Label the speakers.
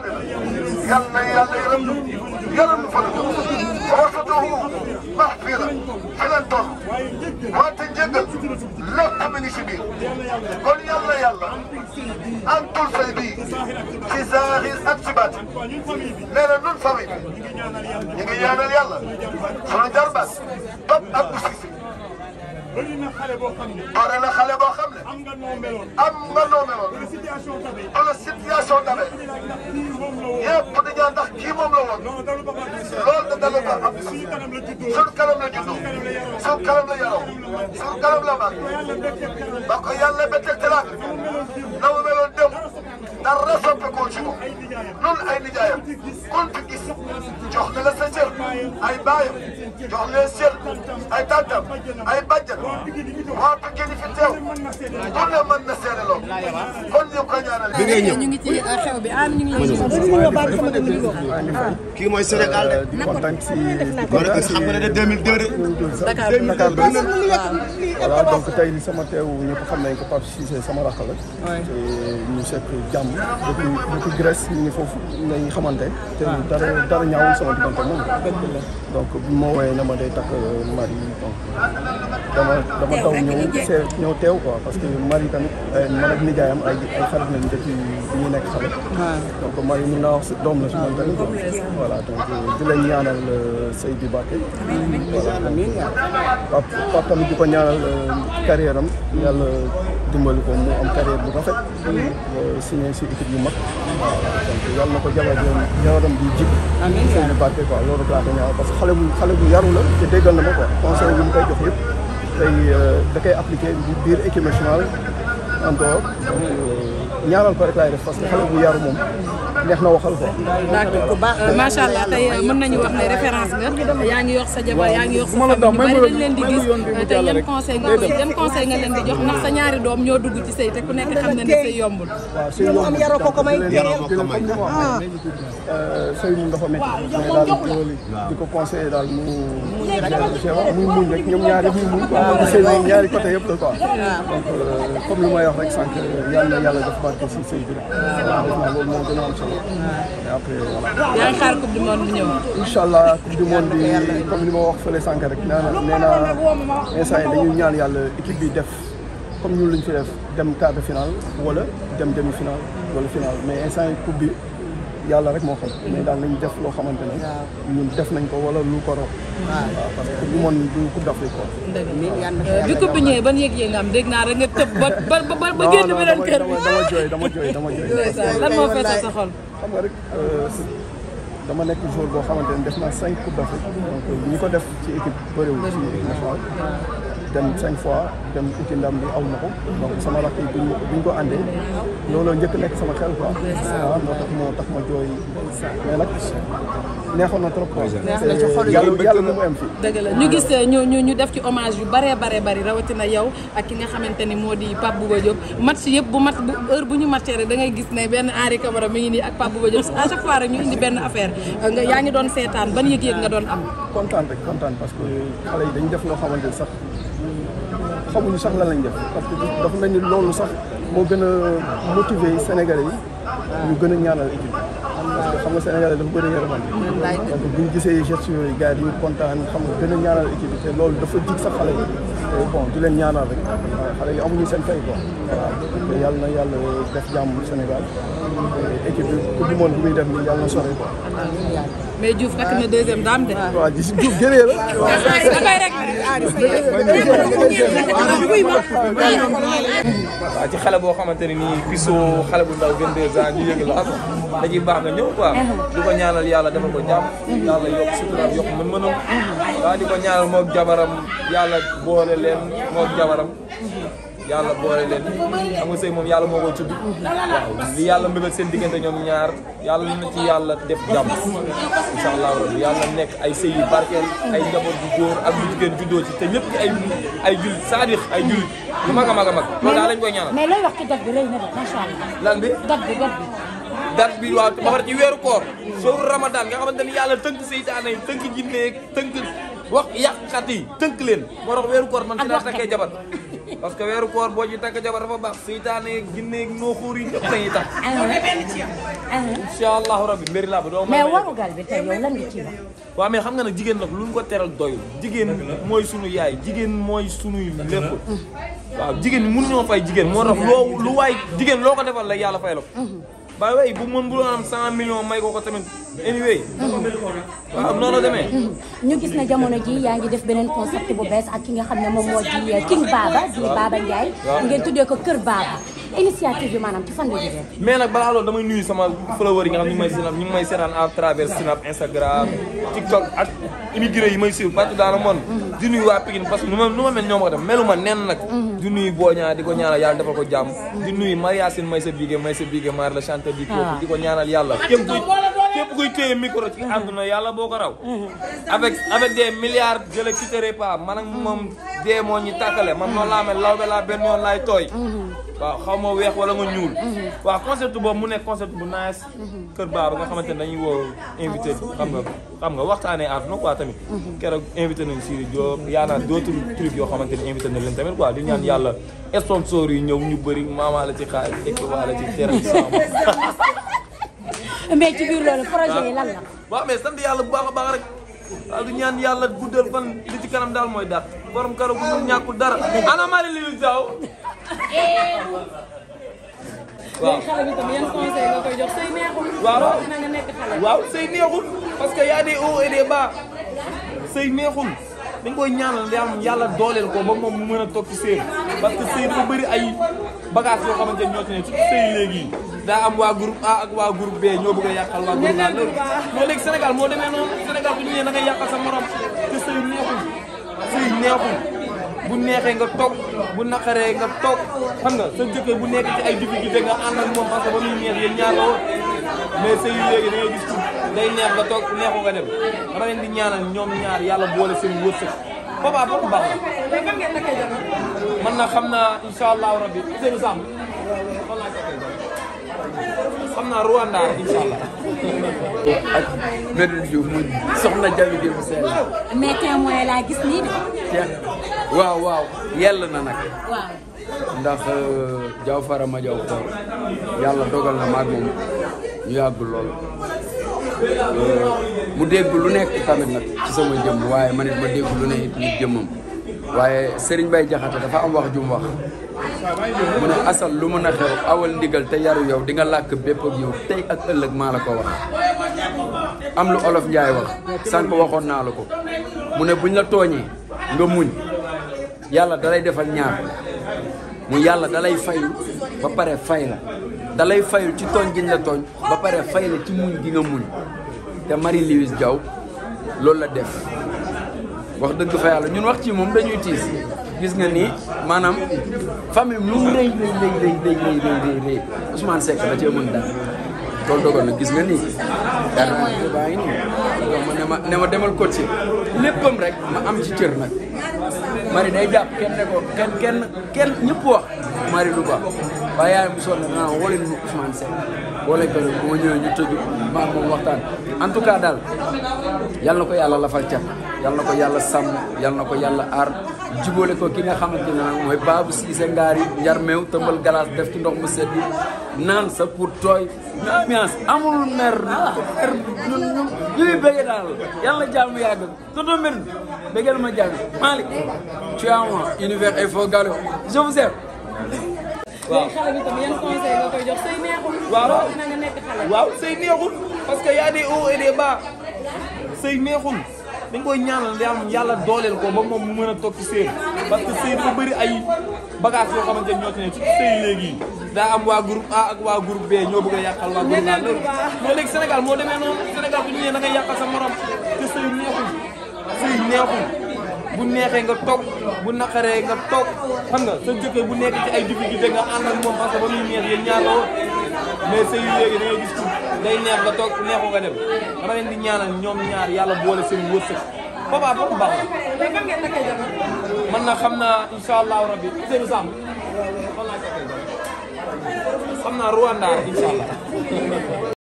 Speaker 1: yërmande la yal na yàlla yërëm ñu yërëm ñu fa la jóg waxatuhu maxfira fi leen toll wante njëggal lépp am ni si biir kon yàlla yàlla antul say bii ci zahir ak ci baat nee na nun famille bi ñu ngi ñaanal yàlla sunu jarbaat topp ak bëri na xale boo xam ne. bëri na xale boo xam ne. am nga noo meloon. am nga noo meloon. wala situation dabe. wala situation dabe. yëpp dañu naan ndax kii moom la woon. loolu da dalu ba am. suñu kanam la juddoo. suñu kanam la juddoo. suñu kanam la yaroo. suñu kanam la mag. ba ko yàlla betteeg tiraat. na mu meloon dem. dara soppeekoo ci moom. loolu ay nijaayam. kon gis jox na la ay baayam jox leen sel ay tantam ay bàjjan waa Pikine fi teew ku ne mën kon ñu ko ñaanal. bi ngay ñëw ñu ngi ci xew bi ah ñu ngi lay. kii mooy Sénégal de. na ko de
Speaker 2: xam nga ne de 2002
Speaker 1: de. Dakar Dakar voilà donc tey li sama teew ñëpp xam nañ ko Pape Cissé sama rakk la. te ñu sekk jàmm. depuis depuis Grèce ñu ngi foofu nañ xamante. te ah. dara dara ñaawul sama diggante moom. donc bi ma wooyee na ma day takk mari donc dama dama taw ñëw teew quoi parce que mari tamit euh, ak nijaayam ay ay xarit nañ depuis bi ñuy nekk xale. donc mooy mun naa wax si doom la si moom tamit. voilà donc euh, di la ñaanal euh, Seydi Bakke. voilà amiin papam di ko ñaanal euh, carrière am. yàlla dimbali ko mu am carrière bu rafet. signé si équipe yu mag. voilà donc yàlla na ko jabaram jabaram bi jib. amiin Seydi Bakke quoi loolu laa ko ñaanal parce que xale bu xale bu yaru la te déggal na ma quoi conseil yi mu koy jox yëpp tey da koy appliqué biir équipe nationale. encore ñaanal ko rek laay def parce que xale bu yaru moom neex na waxal ko. d'accord bu baax macha allah tey mën nañu wax ne référence
Speaker 2: nga yaa ngi yor sa jabar yaa ngi yor sa famille bari dañ leen di gis tey yan conseil nga yan conseil nga leen sa ñaari doom ñoo dugg ci sëy te ku nekk xam ne sëy sëy yombul yaroo ko ko may yaroo ko may
Speaker 1: ah. sëy di ko conseillé daal mu muy ñoom ñaari muy muñ ñaari côté yëpp la quoi donc euh, comme li may wax rek sànq yàlla yàlla def barke si sëy bi rek après yaa ngi
Speaker 3: xaar coupe du monde bi ñëw.
Speaker 1: incha allah coupe du ma wax fële sànq rek nee na nee na instant yii ñaan yàlla équipe bi def comme ñun lañ fi def dem quart de finale wala dem demi finale wala finale mais instant yii coupe bi. yàlla rek moo xam mais daal nañ def loo xamante ne ñun def nañ ko wala lu ko rob waaw parce du mon du coupe d'Afrique ko bi coupe bi
Speaker 3: ñëwee ban yëg-yëg nga am dégg naa rek nga tëb ba ba ba génn beneen kër bi
Speaker 1: dama jooy dama jooy dama jooy lan moo feesal sa xol xam nga rek euh, dama nekk joueur boo xamante ne def naa cinq coupe d'Afrique donc ñi ko def ci équipe dem cinq fois dem uti ndam bi aw ma ko sama rakk yi buñ buñ ko àndee looloo njëkk nekk sama xel quoi waaw moo tax moo tax ma jooy mais nag neexoon na trop quoi yàlla mu am fii dëgg la ñu gis euh,
Speaker 2: ñu ñu def ci hommage yu bare bare bari rawatina
Speaker 3: yow ak ki nga xamante ni moo di Pape Bouba Diop match bu mat bu bu ñu matchee rek da gis ne benn Henri Camara mi benn affaire euh, nga yaa ngi doon seetaan ban yëg-yëg nga doon
Speaker 1: am kontaan rek kontaan parce que xale yi dañu def loo xamante sax xamuñu sax lan lañ def parce que dafa mel ni loolu sax moo gën a motiver Sénégalais yi ñu gën a ñaanal équipe parce que xam nga Sénégalais dafa bëri yërmande donc bu ñu gisee gestion yooyu gars yi dañuy kontaan xam nga gën a ñaanal équipe te loolu dafa jig sax xale yi bon leen ñaanal rek xale yi amuñu seen fay quoi yàlla na yàlla def jàmm Sénégal équipe bi coupe du monde bi muy def nii yàlla na sori quoi. mais Diouf takk na deuxième dame de. waaw Diouf gënee la.
Speaker 3: Ah, waaw ci xale boo xamante ne nii Pisso xale bu ndaw 22 ans ñu yëg la da ciy baax nga ñëw quoi. di ko ñaanal yàlla defal ko jàmm. yàlla yokk sutura yokk mën-mënam. waaw di ko ñaanal moog jabaram yàlla boole leen moog jabaram. yàlla boole leen xam moom yàlla moo koy tudd yàlla mbëggal seen diggante ñoom ñaar yàlla na ci yàlla def jàmm incha allah rabbi yàlla nekk ay sëy yu barkeel ay njaboot bu góor ak bu jigéen juddoo ci te ñëpp ay ay jul saadix ay jul lu mag a mag a mag loolu daal lañ koy ñaanal mais looy wax ci date bi rëy na de macha allah lan bi date bi date bi date bi waaw ba pare ci weeru koor sooru ramadan nga xamante ni yàlla tënk seytaane yi tënk jinne tënk wax yàqkat yi tënk leen moo tax weeru koor man parce que weeru koor boo ci takk jabar dafa baax seytaane ginneeg nooxóor yi ñëpp lañuy takk
Speaker 1: ah ah.
Speaker 3: incha allahu rabbi mbiri laa bi doo mais
Speaker 1: warugal bi tey yow lan nga ci wax
Speaker 3: waaw mais xam nga nag jigéen nag lu ñu ko teral doyul jigéen mooy sunu yaay jigéen mooy sunuy lépp waaw jigéen ñi mun ñoo fay jigéen moo tax loo lu waay jigéen loo ko defal la yàlla fay la ko ba bu mën bu doon am cent millions may ko ko tamit. anyway. waaw noonu
Speaker 2: ñu gis ne jamono ji yaa ngi def beneen concept bu bees ak ki nga xam ne moom moo di King Baba di Baba Ndiaye. ngeen tuddee ko Kër Baba. initiative bi maanaam ci
Speaker 3: mais nag balaa loolu dama nuyu sama followers yi nga ngi may seetaan ñu ngi may seetaan à travers Snap Instagram TikTok ak immigré may suivre partout dans le di nuyu waa parce que nu ma nu ma mel ñoom ko def melu ma nen nag di nuyu Boña di ko ñaanal yàlla defal ko jàmm di nuyu Maria Sine may sa bigé may sa bigé Mar la chanteur di ko ñaanal yàlla képp képp kuy téye micro ci àdduna yàlla boo ko raw. avec avec des milliards je le quitterai pas man ak moom dee moo ñu tàkkale man noonu laa mel lawbe laa la yoon laay tooy. waaw xaw ma weex wala nga ñuul. waaw concept boobu mu nekk concept bu nice. kër Baaba nga xamante ne dañuy woo invité xam nga xam nga waxtaanee àdduna quoi tamit. keroog invité nañu Siri Diop yaanaa d'autres trucs yoo xamante ne invité nañ leen tamit quoi di ñaan yàlla sponsor yi ñëw ñu bëri maamaa la ci xaalis tekki la ci
Speaker 2: mais ci biir loolu projet yi lan la.
Speaker 3: waaw bu baax a baax rek. ñaan yàlla guddal fan li ci kanam daal mooy dara borom karo bu dara. ana mari li jaaw.
Speaker 1: Eh. waaw xale bi
Speaker 3: sëy neexul.
Speaker 2: waaw dina nga nekk xale. waaw sëy
Speaker 3: neexul parce que koy ñaanal yàlla yàlla dooleel ko ba moom mu mën a toog ci sëy parce sëy dafa bëri ay yoo xamante ne ne surtout sëy léegi. daa am waa groupe A ak waa groupe B ñoo bëgg a yàqal waa groupe A loolu moo léegi Sénégal moo demee noonu Sénégal bu ñu nee da ngay yàqal sa morom te sëy neexul neexul bu neexee nga toog bu naqaree nga toog xam nga sa jëkkër bu nekk ci ay difficulté nga ànd ak moom parce que ba muy neex yéen ñaar la woon mais neex nga toog neexu nga dem dama leen di ñaanal ñoom ñaar yàlla boole seen wërsëg papa boobu baax
Speaker 2: la
Speaker 3: man na xam naa incha allahu rabbi
Speaker 2: xam naa Rwanda incha allah. ak Medine Diouf mu soxna Jabi Diouf seen. mais témoin laa gis nii de. waaw waaw yell na nag. waaw. ndax euh, Diaw Fara ma Diaw Koor yàlla dogal na maag moom ñu yàgg lool euh, mu dégg lu nekk tamit nag ci sama jëm waaye man it ma dégg lu ne it jëmmam waaye Serigne Baye Jaxate dafa am wax jum wax. mu ne asal lu mën a xew awal ndigal te yaru yow di nga làkk bépp ak yow tey ak ëllëg maa la ko wax am lu olof njaay wax sànq waxoon naa la ko mu ne buñ la tooñee nga muñ yàlla dalay defal ñaar mu yàlla dalay fayu ba pare fay la dalay fayul ci tooñ giñ la tooñ ba pare fay la ci muñ gi nga muñ te Marie Louise Diaw loolu la def wax dëgg fa yàlla ñun wax ci moom dañuy tiis gis nga ni maanaam famille lu mu rëy rëy rëy rëy rëy rëy rëy rëy Ousmane Seck da cee mën dara loolu dogoon na gis nga nii dara baa ngi nii ma ne ma ne ma demal coaché léppam rek ma am ci cër nag Marie day jàpp kenn ne ko kenn kenn kenn ñëpp wax Marie du baax waaye yaay bu sonn naa woo leen ma Ousmane Seck woo leen ko bu ma ñëwee ñu tëju ma moom waxtaan en tout cas daal yal na ko yàlla lafal cat yal na ko yàlla sàmm yal ko yàlla aar ko ki nga xamante ne nag mooy baabu siise ngaar yi njar meew tëmbal galaas def ci ndox mu sedd naan sa pour tooy amul mer na mer ñun ñun ñu ngi bëgg daal yàlla jàmm yàgg tonton Mbène bëggal ma jàmm Malick univers info Gallo je
Speaker 3: vous waaw say neexul. waaw na
Speaker 2: nga nekk xale. waaw
Speaker 3: a des hauts et des sëy neexul dañ koy ñaanal yàlla dooleel ko ba moom mu mën a toog ci sëy parce que sëy dafa ñoo ci ne ci waa groupe A ak ñoo bëgg a yàqal waa groupe A loolu moo léegi bu neexee nga toog bu naqaree nga toog xam nga sa jëkkër bu nekk ci ay difficulté nga ànd ak moom parce que ba muy neex yéen ñaar la woon mais sëy léegi da ngay day neex nga toog neexu nga dem dama leen di ñaanal ñoom ñaar yàlla boole seen wërsëg papa boobu baax
Speaker 2: na
Speaker 3: man na xam naa incha allahu rabbi Ousseynou Samb xam naa Rwanda incha allah